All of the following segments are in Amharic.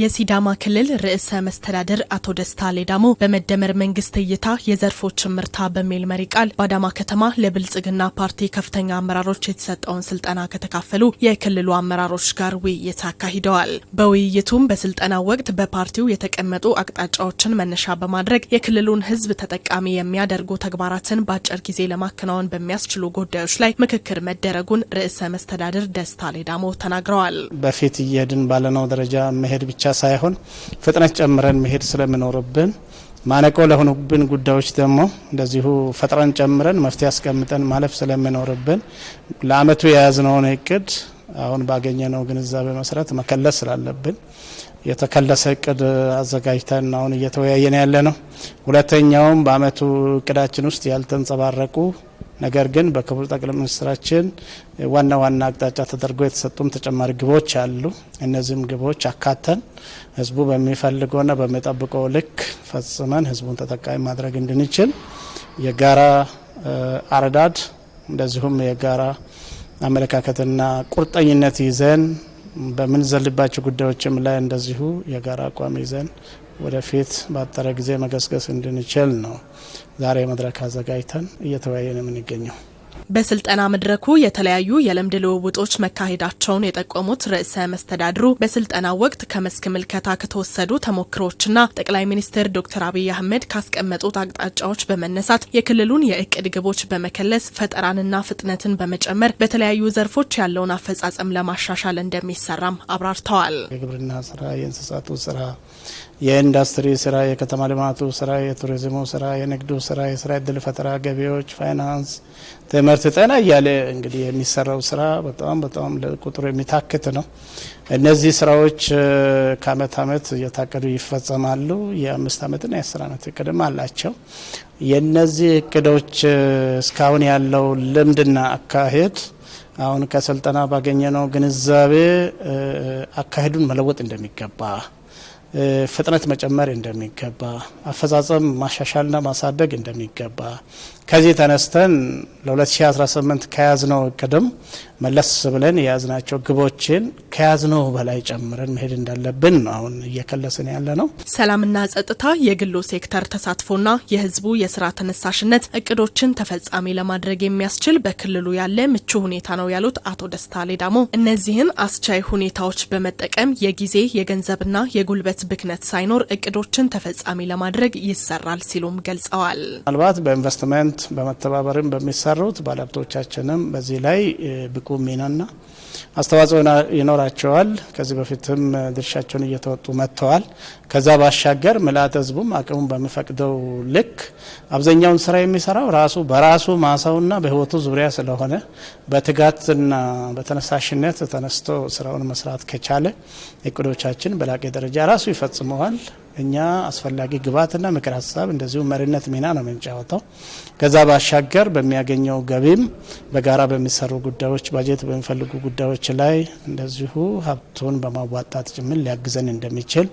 የሲዳማ ክልል ርዕሰ መስተዳድር አቶ ደስታ ሌዳሞ በመደመር መንግስት እይታ የዘርፎ ምርታ በሚል መሪ ቃል በአዳማ ከተማ ለብልጽግና ፓርቲ ከፍተኛ አመራሮች የተሰጠውን ስልጠና ከተካፈሉ የክልሉ አመራሮች ጋር ውይይት አካሂደዋል። በውይይቱም በስልጠናው ወቅት በፓርቲው የተቀመጡ አቅጣጫዎችን መነሻ በማድረግ የክልሉን ሕዝብ ተጠቃሚ የሚያደርጉ ተግባራትን በአጭር ጊዜ ለማከናወን በሚያስችሉ ጉዳዮች ላይ ምክክር መደረጉን ርዕሰ መስተዳድር ደስታ ሌዳሞ ተናግረዋል። በፊት እየሄድን ባለነው ደረጃ መሄድ ብቻ ሳይሆን ፍጥነት ጨምረን መሄድ ስለሚኖርብን ማነቆ ለሆኑብን ጉዳዮች ደግሞ እንደዚሁ ፈጥረን ጨምረን መፍትሄ አስቀምጠን ማለፍ ስለሚኖርብን ለአመቱ የያዝነውን እቅድ አሁን ባገኘነው ግንዛቤ መሰረት መከለስ ስላለብን የተከለሰ እቅድ አዘጋጅተን አሁን እየተወያየን ያለ ነው። ሁለተኛውም በአመቱ እቅዳችን ውስጥ ያልተንጸባረቁ ነገር ግን በክቡር ጠቅላይ ሚኒስትራችን ዋና ዋና አቅጣጫ ተደርጎ የተሰጡም ተጨማሪ ግቦች አሉ። እነዚህም ግቦች አካተን ህዝቡ በሚፈልገውና በሚጠብቀው ልክ ፈጽመን ህዝቡን ተጠቃሚ ማድረግ እንድንችል የጋራ አረዳድ እንደዚሁም የጋራ አመለካከትና ቁርጠኝነት ይዘን በምንዘልባቸው ጉዳዮችም ላይ እንደዚሁ የጋራ አቋም ይዘን ወደፊት ባጠረ ጊዜ መገስገስ እንድንችል ነው ዛሬ መድረክ አዘጋጅተን እየተወያየን የምንገኘው። በስልጠና መድረኩ የተለያዩ የልምድ ልውውጦች መካሄዳቸውን የጠቆሙት ርዕሰ መስተዳድሩ በስልጠናው ወቅት ከመስክ ምልከታ ከተወሰዱ ተሞክሮዎችና ጠቅላይ ሚኒስትር ዶክተር አብይ አህመድ ካስቀመጡት አቅጣጫዎች በመነሳት የክልሉን የእቅድ ግቦች በመከለስ ፈጠራንና ፍጥነትን በመጨመር በተለያዩ ዘርፎች ያለውን አፈጻጸም ለማሻሻል እንደሚሰራም አብራርተዋል። የግብርና ስራ፣ የእንስሳቱ ስራ፣ የኢንዱስትሪ ስራ፣ የከተማ ልማቱ ስራ፣ የቱሪዝሙ ስራ፣ የንግዱ ስራ፣ የስራ እድል ፈጠራ፣ ገቢዎች፣ ፋይናንስ፣ ትምህርት ትጠና እያለ እንግዲህ የሚሰራው ስራ በጣም በጣም ለቁጥሩ የሚታክት ነው። እነዚህ ስራዎች ከአመት አመት እየታቀዱ ይፈጸማሉ። የአምስት አመትና የአስር አመት እቅድም አላቸው። የነዚህ እቅዶች እስካሁን ያለው ልምድና አካሄድ አሁን ከስልጠና ባገኘነው ግንዛቤ አካሄዱን መለወጥ እንደሚገባ ፍጥነት መጨመር እንደሚገባ አፈጻጸም ማሻሻልና ማሳደግ እንደሚገባ ከዚህ ተነስተን ለ2018 ከያዝነው እቅድም መለስ ብለን የያዝናቸው ግቦችን ከያዝነው በላይ ጨምረን መሄድ እንዳለብን አሁን እየከለስን ያለ ነው። ሰላምና ጸጥታ፣ የግሉ ሴክተር ተሳትፎና የህዝቡ የስራ ተነሳሽነት እቅዶችን ተፈጻሚ ለማድረግ የሚያስችል በክልሉ ያለ ምቹ ሁኔታ ነው ያሉት አቶ ደስታ ሌዳሞ እነዚህን አስቻይ ሁኔታዎች በመጠቀም የጊዜ የገንዘብና የጉልበት የበጀት ብክነት ሳይኖር እቅዶችን ተፈጻሚ ለማድረግ ይሰራል ሲሉም ገልጸዋል። ምናልባት በኢንቨስትመንት በመተባበርም በሚሰሩት ባለሀብቶቻችንም በዚህ ላይ ብቁ ሚናና አስተዋጽኦ ይኖራቸዋል። ከዚህ በፊትም ድርሻቸውን እየተወጡ መጥተዋል። ከዛ ባሻገር ምልአተ ሕዝቡም አቅሙን በሚፈቅደው ልክ አብዛኛውን ስራ የሚሰራው ራሱ በራሱ ማሳውና በህይወቱ ዙሪያ ስለሆነ በትጋትና በተነሳሽነት ተነስቶ ስራውን መስራት ከቻለ እቅዶቻችን በላቀ ደረጃ ራሱ ይፈጽመዋል። እኛ አስፈላጊ ግብዓትና ምክር ሀሳብ እንደዚሁ መሪነት ሚና ነው የምንጫወተው። ከዛ ባሻገር በሚያገኘው ገቢም በጋራ በሚሰሩ ጉዳዮች፣ ባጀት በሚፈልጉ ጉዳዮች ላይ እንደዚሁ ሀብቱን በማዋጣት ጭምር ሊያግዘን እንደሚችል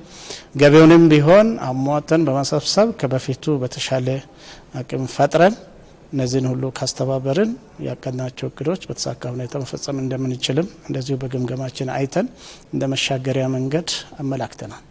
ገቢውንም ቢሆን አሟጠን በመሰብሰብ ከበፊቱ በተሻለ አቅም ፈጥረን እነዚህን ሁሉ ካስተባበርን ያቀናቸው እቅዶች በተሳካ ሁኔታ መፈጸም እንደምንችልም እንደዚሁ በግምገማችን አይተን እንደ መሻገሪያ መንገድ አመላክተናል።